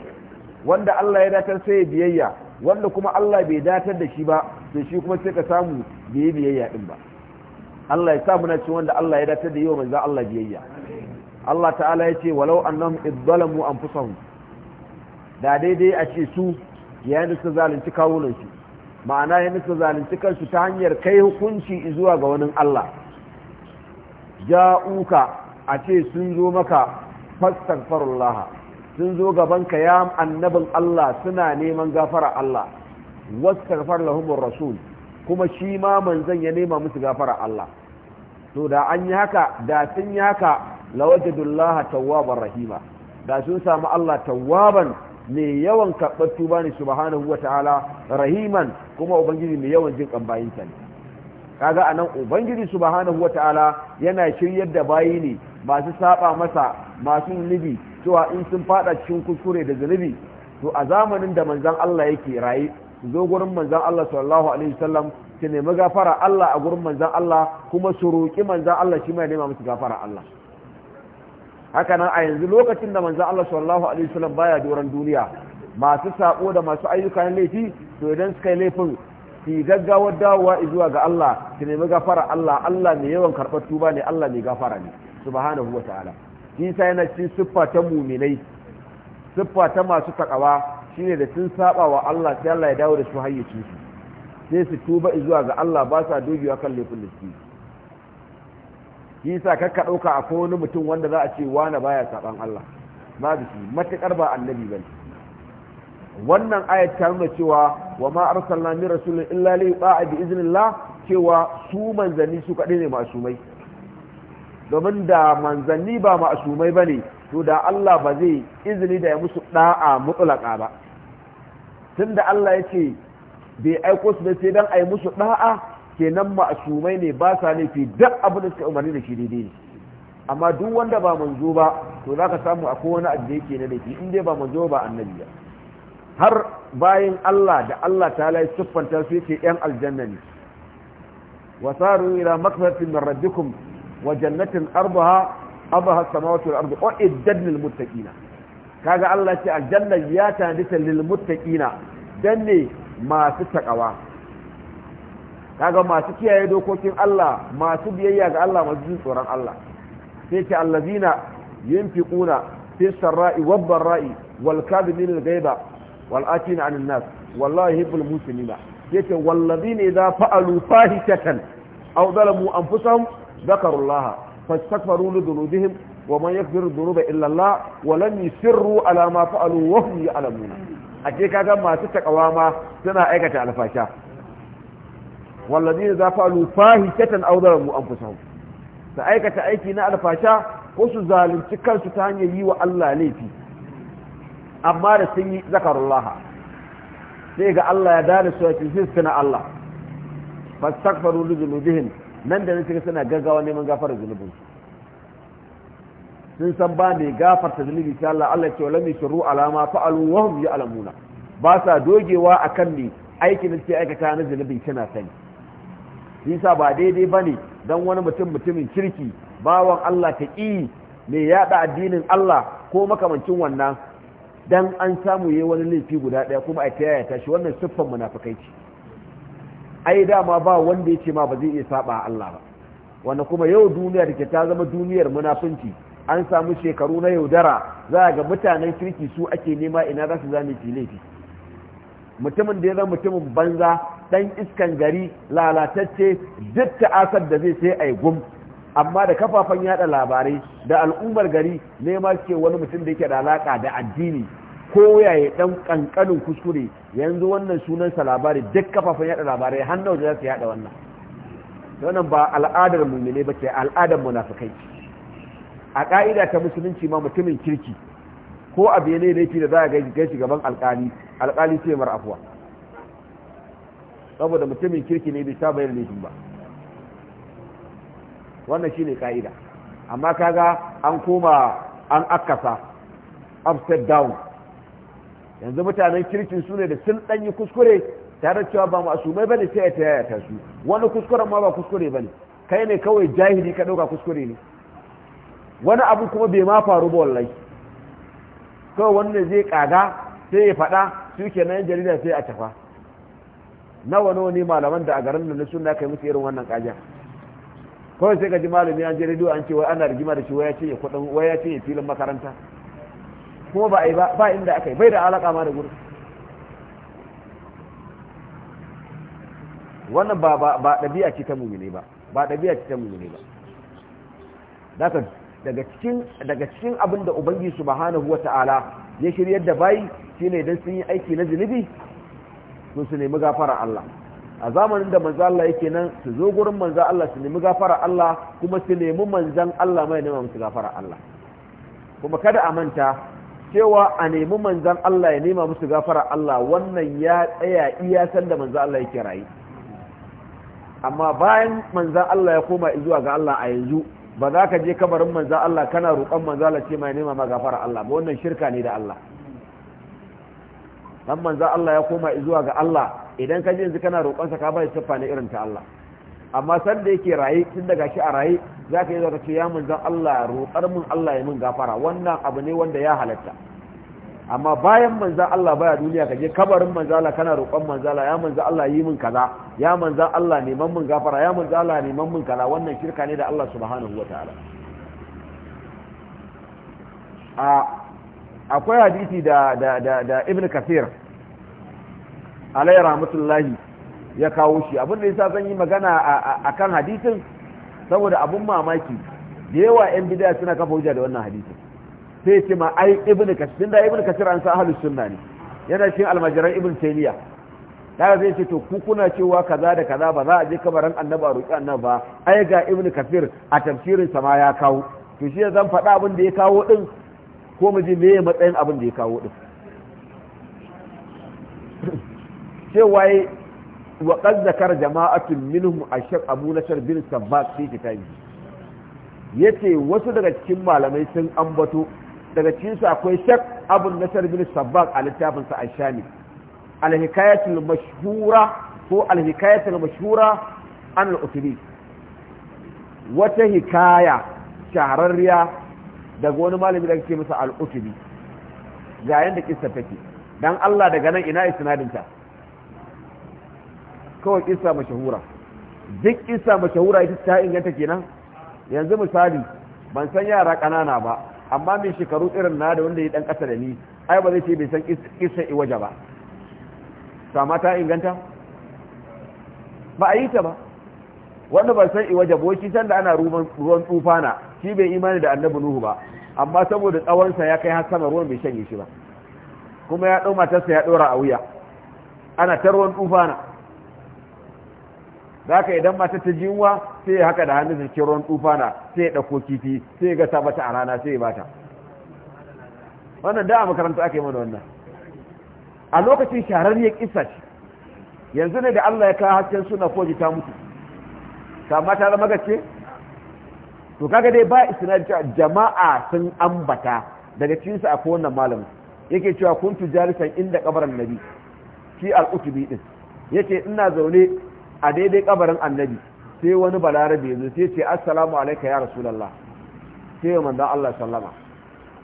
wanda Allah ya datar sai ya biyayya wanda kuma Allah bai datar da shi ba to shi kuma sai ka samu bai biyayya din ba Allah ya sa na ci wanda Allah ya datar da yau za Allah biyayya Allah ta'ala ya ce walau annam idzalamu anfusahum da daidai a ce su ya da suka zalunci kawunan su ma'ana ya da suka zalunci kansu ta hanyar kai hukunci zuwa ga wani Allah ja'uka a ce sun zo maka fastaghfirullah sun zo gaban ka ya annabin Allah suna neman gafara Allah wastaghfar lahumur rasul kuma shi ma manzon ya nema musu gafara Allah to da an yi haka da sun yi haka lawajadullaha tawwabar rahima da sun samu Allah tawwaban mai yawan karɓar tuba ne subhanahu wa ta'ala rahiman kuma ubangiji mai yawan jin kan bayinsa ne kaga anan ubangiji subhanahu wataala yana shiryar da bayi ne masu saba masa masu zunubi cewa in sun fada cikin kuskure da zunubi to a zamanin da manzon Allah yake raye su zo gurin manzon Allah sallallahu alaihi wasallam su nemi gafara Allah a gurin manzon Allah kuma su roki manzon Allah shi mai nema musu gafara Allah haka nan a yanzu lokacin da manzon Allah sallallahu alaihi wasallam baya doran duniya masu sako da masu ayyukan laifi to idan suka yi laifin su gaggawar dawowa zuwa ga Allah su nemi gafara Allah Allah mai yawan karɓar tuba ne Allah mai gafara ne subhanahu wa ta'ala shi yana ci siffa ta muminai siffa ta masu takawa shine da sun saba wa Allah sai Allah ya dawo da su hayyacin su sai su tuba zuwa ga Allah ba sa dogewa kan laifin liski shi sa kakka ɗauka akwai wani mutum wanda za a ce wani baya saban Allah da shi matuƙar ba annabi bane wannan ayat ta nuna cewa wa ma arsalna min rasulin illa li yuta'a bi iznillah cewa su manzanni su kadai ne masumai domin da manzanni ba masumai bane to da Allah ba zai izini da ya musu da'a mutlaka ba tunda Allah ya ce bai aiko su da sai dan ai musu da'a kenan masumai ne ba sa laifi duk abin da suka umarni da shi daidai ne amma duk wanda ba manzo ba to zaka samu akwai wani abu da yake na laifi in dai ba manzo ba annabi ba har bayan Allah da Allah ta lai siffanta su yake yan aljanna ne wa saru ila maghfiratin min rabbikum wa jannatin arbaha abaha samawati wal ardu uiddat lil muttaqina kaga Allah ce aljanna ya tanita lil muttaqina dan ne masu takawa kaga masu kiyaye dokokin Allah masu biyayya ga Allah masu jin tsoron Allah sai ce allazina yunfiquna fi sarra'i wad barra'i wal kadhibina al-ghaiba wal atina anin nas wallahi hibbul muslimina yace wallazina idza fa'alu fahishatan aw zalamu anfusahum dhakaru wa man yaghfiru dhunuba illa Allah wa lam yusirru ya'lamuna ake kaga masu takawa suna aikata alfasha wallazina idza fa'alu fahishatan aw zalamu anfusahum sa aikata aiki na alfasha ko su zalunci kansu ta hanyar yi wa Allah laifi amma da sun yi zakarullah sai ga Allah ya dare su yake sun suna Allah fastaghfiru li dhunubihim nan da suka suna gaggawa neman gafara zunubin sun san ba mai gafarta zunubi sai Allah Allah ce wala shiru alama fa'alu wa hum ya'lamuna ba sa dogewa akan ne aikin da suke aikata na zunubin kina sani yasa ba daidai bane don wani mutum mutumin kirki bawan Allah ta ƙi mai yada addinin Allah ko makamancin wannan dan an samu yayi wani laifi guda daya kuma a tayaya ta shi wannan siffan munafikai ce ai dama ba wanda yake ma ba zai iya saba Allah ba wanda kuma yau duniya da ta zama duniyar munafunci an samu shekaru na yaudara za ga mutanen kirki su ake nema ina za su zame ki laifi mutumin da ya zama mutumin banza dan iskan gari lalatacce duk ta'asar da zai sai ai gum amma da kafafen yada labarai da al'ummar gari nema ke wani mutum da yake da alaka da addini ko yaya dan kankanin kuskure yanzu wannan sunan sa labari duk kafafen yada labarai har nawa za su yada wannan wannan ba al'adar mu'mine ba ke al'adar munafikai a ka'ida ta musulunci ma mutumin kirki ko abu ne laifi da za a gaishe gaban alkali alkali ce mar afuwa saboda mutumin kirki ne bai saba yin laifin ba wannan shine ka'ida amma kaga an koma an akasa upside down yanzu mutanen kirkin su ne da sun ɗanyi kuskure tare cewa ba masumai bane sai ya tayaya ta su wani kuskuren ma ba kuskure bane kai ne kawai jahili ka ɗauka kuskure ne wani abu kuma bai ma faru ba wallahi kawai ne zai kaga sai ya faɗa su ke nan jarida sai a tafa nawa nawa ne malaman da a garin da na suna kai musu irin wannan kaja kawai sai ka ji malami an je rediyo an ce wai ana rigima da shi waya ce ya kudin waya ce ya filin makaranta kuma ba a yi ba ba inda aka yi bai da alaka ma da gurin wannan ba ba ba dabi'a ce ta mumine ba ba dabi'a ce ta mumine ba daga daga cikin daga cikin abin da ubangiji subhanahu wata'ala ya shiryar da bayi shine idan sun yi aiki na zunubi sun su nemi gafara Allah a zamanin da manzo Allah yake nan su zo gurin manzo Allah su nemi gafara Allah kuma su nemi manzan Allah mai nema musu gafara Allah kuma kada a manta cewa a nemi manzan Allah ya nema musu gafara Allah wannan ya tsaya iya san da manzo Allah yake rayi amma bayan manzan Allah ya koma zuwa ga Allah a yanzu ba za ka je kabarin manzan Allah kana roƙon manzan Allah ce mai nema ma gafara Allah ba wannan shirka ne da Allah dan manzan Allah ya koma zuwa ga Allah idan ka ji yanzu kana roƙonsa ka bai siffa na irin ta Allah amma san da yake raye tun daga shi a raye za ka yi zaka ce ya mun zan Allah roƙar mun Allah ya mun gafara wannan abu ne wanda ya halatta amma bayan manzan Allah baya duniya ka je kabarin manzan Allah kana roƙon manzan Allah ya manzan Allah yi mun kaza ya manzan Allah neman mun gafara ya manzan Allah neman mun kaza wannan shirka ne da Allah subhanahu wataala a akwai hadisi da da da, da ibn kathir alayhi rahmatullahi ya kawo shi abin da yasa zan yi magana a kan hadisin saboda abun mamaki da yawa yan bid'a suna kafa hujja da wannan hadisin sai ce ma ai ibnu kasir da ibnu kasir an sa ahli sunna ne yana cikin almajiran ibnu taymiya daga zai ce to ku kuna cewa kaza da kaza ba za a je kabarin annabi a roƙi annabi ba ai ga ibnu kasir a tafsirin sa ma ya kawo to shi zan faɗa abin da ya kawo din ko mu ji me matsayin abin da ya kawo din cewa yi wa ƙazzakar zakar jama'atun minhum ashab abu nasar bin sabbat fi kitabi yace wasu daga cikin malamai sun ambato daga cikin su akwai shak abu nasar bin sabbat a littafin sa ashami al-hikayatul mashhura ko al-hikayatul mashhura an al wata hikaya shahararriya daga wani malami da ke masa al ga ga yanda kissa take dan Allah daga nan ina isnadinta kawai kisa mashahura duk kisa mashahura ita ta inganta kenan yanzu misali ban san yara kanana ba amma mai shekaru irin na da wanda ya dan kasa da ni ai ba zai ce bai san i waje ba sama ta inganta ba a yi ta ba wanda ban san waje ba shi san da ana ruwan tsufa na shi bai imani da annabi nuhu ba amma saboda tsawonsa ya kai har sama ruwan bai shanye shi ba kuma ya dau matarsa ya ɗora a wuya ana ta ruwan tufana zaka idan mata ta jinwa sai ya haka da hannun sa kiron tufana sai ya dauko kifi sai ya ta bata a rana sai ya bata wannan da a makaranta aka yi mana wannan a lokacin shahararriyar kissa ce yanzu ne da Allah ya kawo hasken suna koji ta mutu kama ta zama gaske to kaga dai ba isnad jama'a sun ambata daga cikin su akwai wannan malamin yake cewa kuntu jalisan inda kabarin nabi fi al-utubi din yake ina zaune a daidai kabarin annabi sai wani balarabe zo sai ce assalamu alaika ya rasulallah sai ya manzo Allah sallama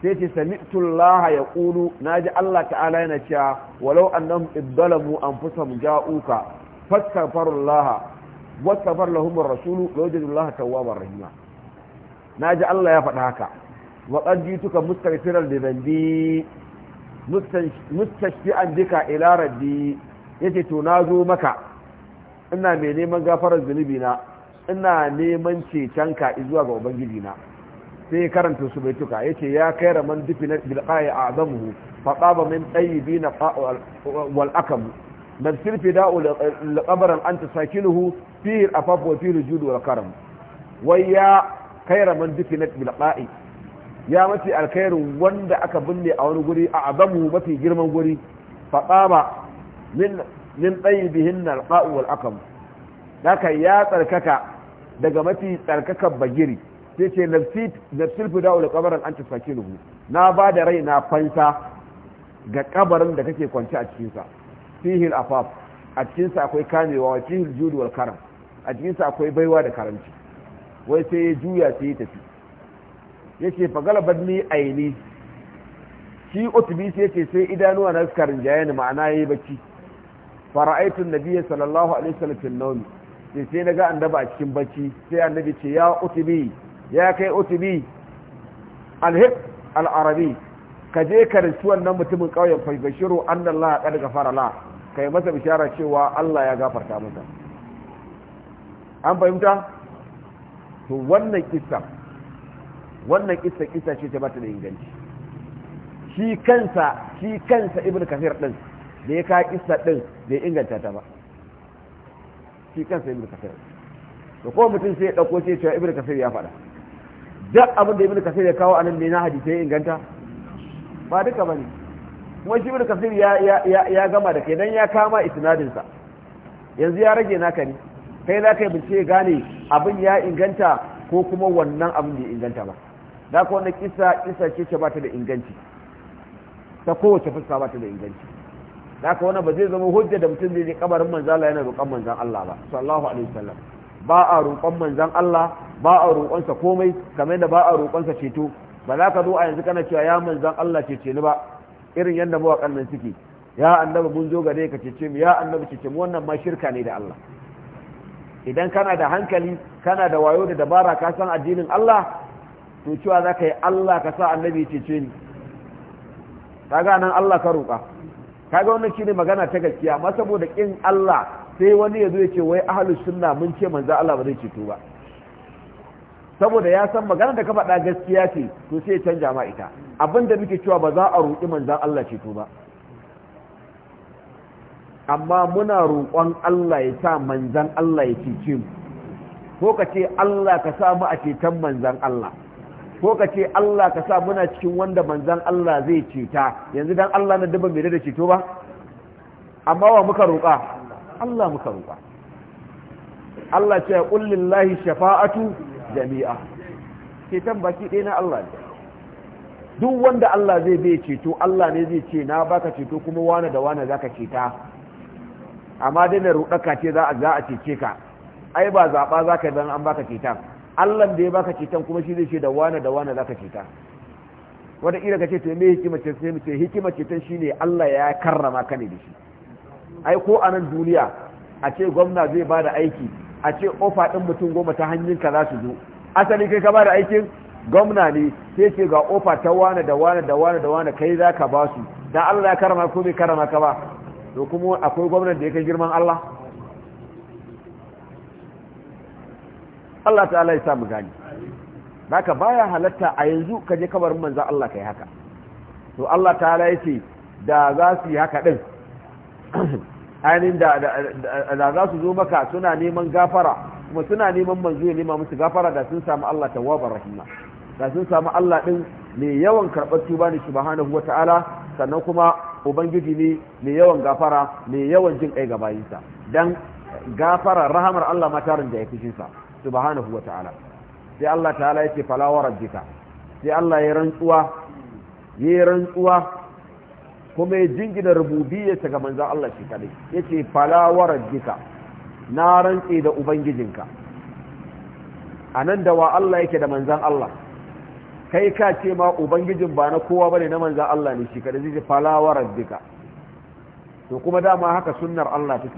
sai ce sami'tu Allah ya qulu naji Allah ta'ala yana cewa walau annahum iddalamu anfusahum ja'uka fastaghfiru Allah wastaghfar lahum ar-rasul lawajadu Allah tawwabar rahima naji Allah ya faɗa haka wa qad jituka mustaghfiran li dhanbi mustashfi'an bika ila rabbi yace to nazo maka ina mai neman gafarar zunubi na ina neman ka zuwa ga ubangiji na sai ya karanta su bai tuka yace ya kai raman na bil a a'zamuhu fa qaba min tayyibin wal akam bal sirfi da'u an anta sakinuhu fi afaf wa fi rujud wal karam wai ya kai raman dufi na qa'i ya mace alkhairin wanda aka binne a wani guri a azamu mafi girman guri fa qaba min min tsayibihin nalqa'u wal aqam haka ya tsarkaka daga mafi tsarkakan bagiri sai ce nafsil fida'u da kabarin an tasakinuhu na ba da rai na fansa ga kabarin da kake kwance a cikinsa fihil afaf a cikinsa akwai kamewa wa fihil judu wal karam a cikinsa akwai baiwa da karamci wai sai ya juya sai ya tafi Yake fa ni aini shi utubi sai yake sai idanuwa na suka rinjaye ni ma'ana yayi bacci fara'aitun nabiyyi sallallahu alaihi wasallam fil nawm sai sai naga annabi a cikin bacci sai annabi ce ya utubi ya kai utubi alhib al'arabi ka je ka rinci wannan mutumin kauyen faibashiru annallaha qad gafara la kai masa bishara cewa Allah ya gafarta masa an fahimta to wannan kissa wannan kissa kissa ce ta bata da inganci shi kansa shi kansa ibnu kafir din da ya kawo ɗin din ya inganta ta ba shi kansa ibn kasir to ko mutum sai ya dauko sai cewa ibn kasir ya faɗa duk abin da ibn kasir ya kawo anan ne na hadisi inganta ba duka bane kuma shi ibn kasir ya ya ya gama da kai dan ya kama isnadin sa yanzu ya rage naka ne kai za ka yi bincike gane abin ya inganta ko kuma wannan abin da ya inganta ba da ka wannan kisa kisa ce ce ba ta da inganci ta kowace fuska ba ta da inganci haka wannan ba zai zama hujja da mutum zai je kabarin manzan Allah yana roƙon manzan Allah ba sallallahu alaihi wasallam ba a roƙon manzan Allah ba a roƙonsa komai kamar da ba a roƙonsa ceto ba za ka zo a yanzu kana cewa ya manzan Allah cece ni ba irin yadda mawaƙan nan suke ya annabi mun zo gare ka cece mu ya annabi cece mu wannan ma shirka ne da Allah idan kana da hankali kana da wayo da dabara ka san addinin Allah to cewa za ka yi Allah ka sa annabi cece ni kaga nan Allah ka roƙa kaga wannan shine magana ta gaskiya amma saboda kin Allah sai wani ya zo ya ce wai ahlus sunna mun ce manzo Allah ba zai ceto ba saboda ya san magana da ka faɗa gaskiya ce to sai ya canja ma ita abinda muke cewa ba za a roƙi manzo Allah ceto ba amma muna roƙon Allah ya sa manzon Allah ya cece mu ko ka Allah ka sa mu a ceton manzon Allah ko ka ce Allah ka sa muna cikin wanda manzan Allah zai ceta yanzu dan Allah na daba mere da ceto ba amma wa muka roƙa Allah muka roƙa Allah ce kullillahi shafa'atu jami'a ceton baki ɗaya na Allah ne duk wanda Allah zai bai ceto Allah ne zai ce na baka ceto kuma wane da wane zaka ceta amma dai na ruɗaka ce za a cece ka ai ba zaɓa za ka zan an baka cetan Allah da ya baka cetan kuma shi zai ce da wane da wane zaka ceta wata ira ka ce to me hikima ce sai mu ce hikima ceton shine Allah ya karrama ka ne da shi ai ko a nan duniya a ce gwamna zai bada aiki a ce ofa din mutum goma ta hanyar ka za su zo asali kai ka bada aikin gwamna ne sai ce ga ofa ta wane da wane da wane da wane kai za ka ba su dan Allah ya karrama ko bai karrama ka ba to kuma akwai gwamnan da ya kai girman Allah Allah ta'ala ya samu gani. gani haka baya halatta a yanzu ka je kabarin manza Allah kai haka to Allah ta'ala ya ce da za su yi haka din ainihin da za su zo maka suna neman gafara kuma suna neman manzo ya nema musu gafara da sun samu Allah tawwabar rahima da sun samu Allah din ne yawan karɓar tuba ne subhanahu ta'ala sannan kuma ubangiji ne mai yawan gafara yawan jin kai ga bayinsa dan gafara rahamar Allah ma tarin da ya shi sa subhanahu wa ta'ala sai Allah ta'ala yake falawar jika sai Allah ya rantsuwa ya rantsuwa kuma ya jingina ta ga manzon Allah shi kadai yake falawar jika na rantse da ubangijinka anan da wa Allah yake da manzon Allah kai ka ce ma ubangijin ba na kowa bane na manzon Allah ne shi kadai zai falawar jika to kuma dama haka sunnar Allah take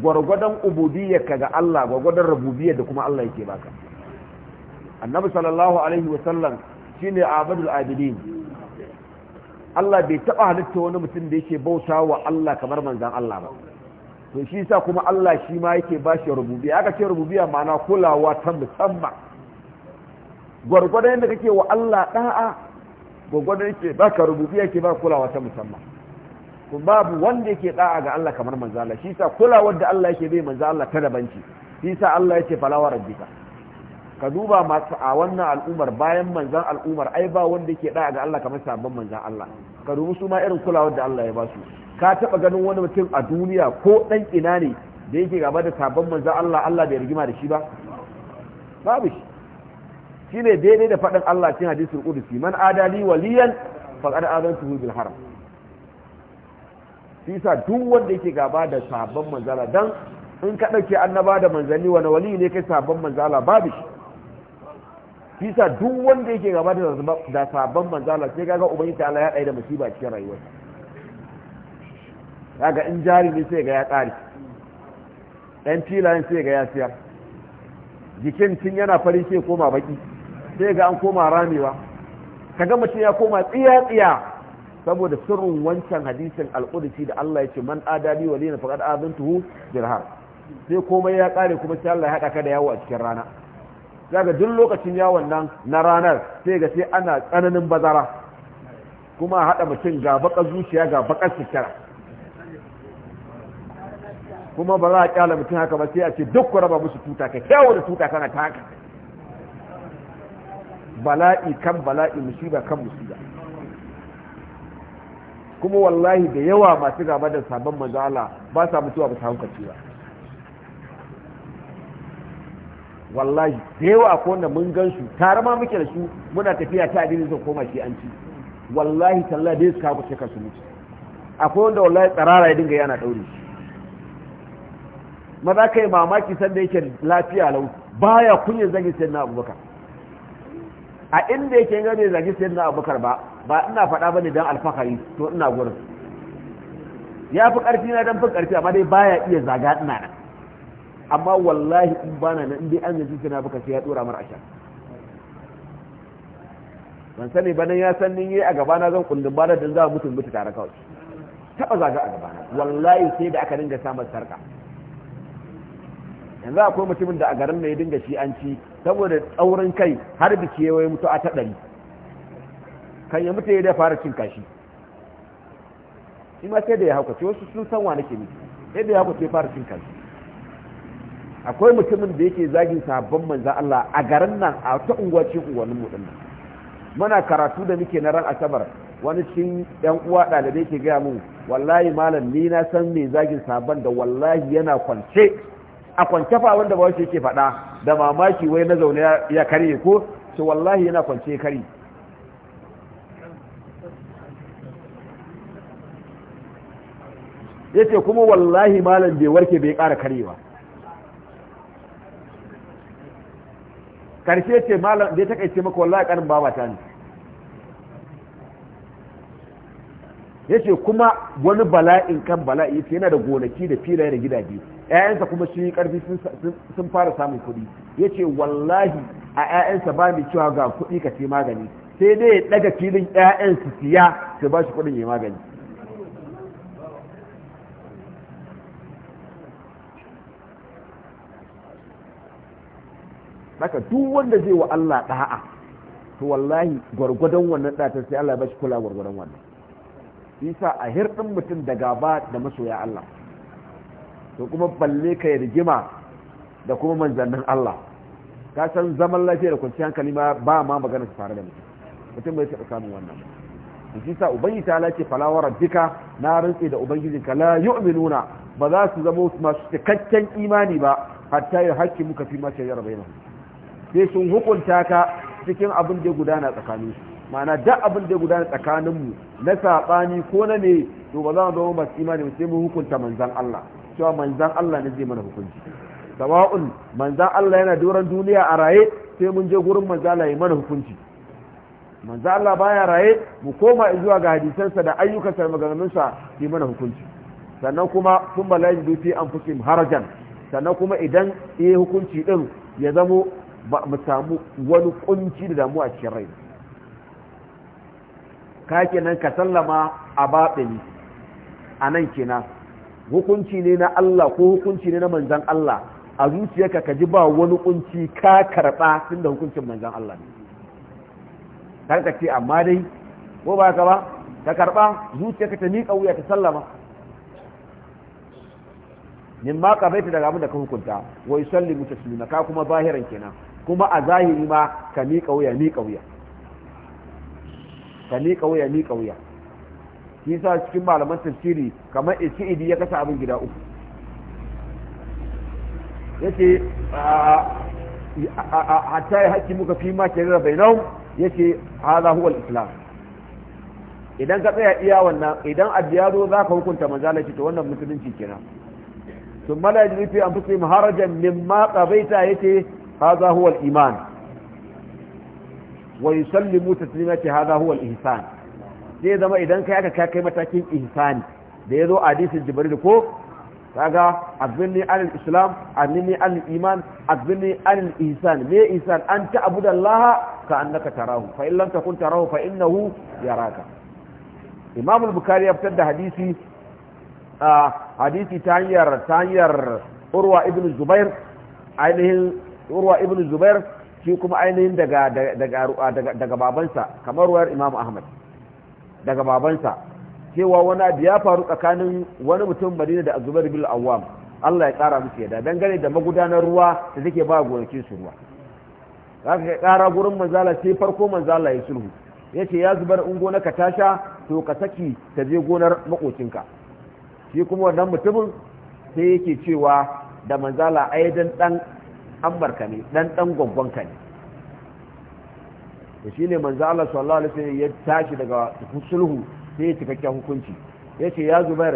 gwargwadon ubudiyyarka ga Allah gwargwadon rububiyyar da kuma Allah yake baka annabi sallallahu alaihi wa sallam shine abadul abidin Allah bai taba halitta wani mutum da yake bauta wa Allah kamar manzan Allah ba to shi yasa kuma Allah shi ma yake ba shi rububiyya aka ce rububiyya ma'ana kulawa ta musamman gwargwadon yadda kake wa Allah da'a gwargwadon yake baka rububiyya ke ba kulawa ta musamman ku babu wanda yake da'a ga Allah kamar manzo Allah shi sa kulawar da Allah yake bai manzo Allah ta dabanci shi sa Allah yake falawar rabbika ka duba masu a wannan al'umar bayan manzan al'umar ai ba wanda yake da'a ga Allah kamar sabon manzo Allah ka dubi su ma irin kulawar da Allah ya ba su ka taba ganin wani mutum a duniya ko dan ina ne da yake gaba da sabon manzo Allah Allah bai rigima da shi ba babu shi shine daidai da faɗin Allah cikin hadisul qudsi man adali waliyan faqad adantu bil haram shi sa duk wanda yake gaba da sabon manzala dan in ka dauke annaba da manzanni wani wali ne kai sabon manzala babu shi shi sa duk wanda yake gaba da sabon manzala sai kaga ubangiji ta Allah ya dai da musiba cikin rayuwarsa kaga in jari ne sai ga ya tsari dan filayen sai ga ya siya jikin tun yana fari sai koma baki sai ga an koma ramewa kaga mutum ya koma tsiya tsiya saboda sirrin wancan hadisin alƙudusi da Allah ya ce man adani wali na faƙad azantuhu dirham sai komai ya kare kuma sai Allah ya haɗa ka da yawo a cikin rana daga duk lokacin yawon nan na ranar sai ga sai ana tsananin bazara kuma a haɗa mutum ga baka zuciya ga baka sikira kuma ba za a kyala mutum haka ba sai a ce duk ku raba musu tuta kai kyawo da tuta kana ta haka bala'i kan bala'i musiba kan musiba kuma wallahi da yawa masu gaba da sabon manzo ba sa mutuwa ba sa hankaci ba wallahi da yawa a kowanne mun gan su tare ma muke da su muna tafiya ta adini zan koma shi an ci wallahi tallahi da su kawo shekar su mutu akwai wanda wallahi tsarara ya dinga yana ɗaure shi maza kai mamaki sanda yake lafiya lau baya kunyar zagi sai na abubakar a inda yake gane zagi sai na abubakar ba ba ina faɗa bane don alfahari to ina gurin ya fi ƙarfi na don fi ƙarfi amma dai baya iya zaga ina nan amma wallahi in bana nan dai an yanzu kina baka sai ya ɗora mara asha ban sani ba nan ya san ni yayi a gaba na zan kullum ba da dan za mutum mutu tare kawai taba zaga a gaba na wallahi sai da aka dinga samun sarka yanzu akwai mutumin da a garin ne ya dinga shi an ci saboda tsaurin kai har biki ya mutu a ta ɗari kan ya mutu ya da fara cin kashi shi ma sai da ya haukace wasu sun san wa nake miki sai da ya haukace fara cin kashi akwai mutumin da yake zagin sabon manzan Allah a garin nan a ta unguwacin ce mu din muna karatu da muke na ran asabar wani cikin yan uwa ɗalibai ke gaya mun wallahi malam ni na san me zagin sabon da wallahi yana kwance a kwance fa wanda ba yake faɗa da mamaki wai na zaune ya karye ko to wallahi yana kwance kare ya ce kuma wallahi malam bai warke bai ƙara karewa karshe ce malam bai takaice maka wallahi ƙarin wata ne ya ce kuma wani bala'in kan bala'i ya ce yana da gonaki da filaye da gidaje ‘ya'yansa kuma sun yi ƙarfi sun fara samun kuɗi ya ce wallahi a ‘ya'yansa ba mai cewa ga kuɗi ka ce magani sai dai ya ɗaga filin ‘ya'yan siya su ba shi kuɗin ya magani haka duk wanda zai wa Allah da'a to wallahi gwargwadon wannan da'a sai Allah ya bashi kula gwargwadon wannan isa a hirɗin mutum da gaba da masoya Allah to kuma balle ka rigima da kuma manzannin Allah ka san zaman lafiya da kwanciyar hankali ma ba ma magana su fara da mutum mutum bai taɓa samun wannan ba shi sa ubangi ta lace falawar rabbika na rantsi da ubangijinka la yu'minuna ba za su zama masu cikakken imani ba hatta ya hakki muka fi ma shari'ar bainahum sai sun hukunta ka cikin abin da gudana tsakanin su ma'ana duk abin da ya gudana tsakanin mu na sabani ko na ne to ba za mu zama masu imani sai mu hukunta manzan Allah cewa manzan Allah ne zai mana hukunci sawa'un manzan Allah yana doron duniya a raye sai mun je gurin manzan Allah ya mana hukunci manzan Allah baya raye mu koma zuwa ga hadisansa da ayyukansa da maganganunsa sai mana hukunci sannan kuma sun malayin dufi an fusim harajan sannan kuma idan eh hukunci din ya zamo ba mu samu wani kunci da damuwa a cikin rai ka kenan ka sallama a baɗini a nan kenan hukunci ne na Allah ko hukunci ne na manzan Allah a zuciyarka ka ji ba wani kunci ka karɓa tun da hukuncin manzan Allah ne ka ce amma dai ko ba ka ba ka karɓa zuciyarka ta miƙa wuya ta sallama min ma ƙabaita daga abin da ka hukunta wai yusallimu suna ka kuma bahiran kenan kuma a zahiri ma ka miƙa wuya miƙa wuya ka miƙa wuya miƙa wuya shi sa cikin malaman tafsiri kamar isi'idi ya kasa abin gida uku yace hatta ya haƙi muka fi ma kirira bai nau yace haza huwa islam idan ka tsaya iya wannan idan abu za ka hukunta manzalaci to wannan musulunci kenan sun mala an fi min ma mimma qabaita yace هذا هو الإيمان ويسلم تسليمة هذا هو الإحسان sai zama idan ka yaka ka kai matakin ihsani da ya zo a hadisin jibril ko kaga azbinni anil islam annini anil iman azbinni anil ihsan me ihsan an ta'budu allaha ka annaka tarahu fa in lam takun tarahu fa innahu yaraka imam al-bukhari ya fitar da hadisi a hadisi ta hanyar ta hanyar urwa ibn zubair ainihin urwa ibn zubair shi kuma ainihin daga daga daga babansa kamar ruwayar imam ahmad daga babansa cewa wani abu ya faru tsakanin wani mutum madina da zubair bil awwam Allah ya kara musu yadda dangane da magudanar ruwa da take ba gonakin su ruwa zaka ka kara gurin manzala sai farko manzala ya sulhu yace ya zubar in gona ka tasha to ka saki ta je gonar makocinka shi kuma wannan mutumin sai yake cewa da manzala ayyadan dan ammarka ne dan dan ka ne da shi ne manzo Allah sallallahu alaihi wasallam ya tashi daga sulhu sai ya cikakken hukunci yace ya zubar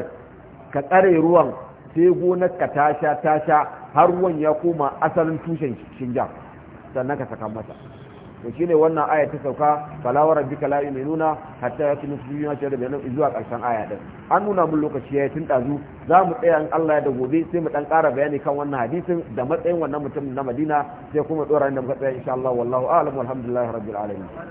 ka tsare ruwan sai gonar ka tasha tasha har ruwan ya koma asalin tushen shinjan sannan ka saka masa to shine wannan aya ta sauka fala wa rabbika la yu'minuna hatta yakunu sujuduna ta da bayanan zuwa karshen aya din an nuna mun lokaci ya tun dazu za mu tsaya an Allah ya da gobe sai mu dan ƙara bayani kan wannan hadisin da matsayin wannan mutumin na Madina sai kuma tsora da muka tsaya insha Allah wallahu a'lam walhamdulillahi rabbil alamin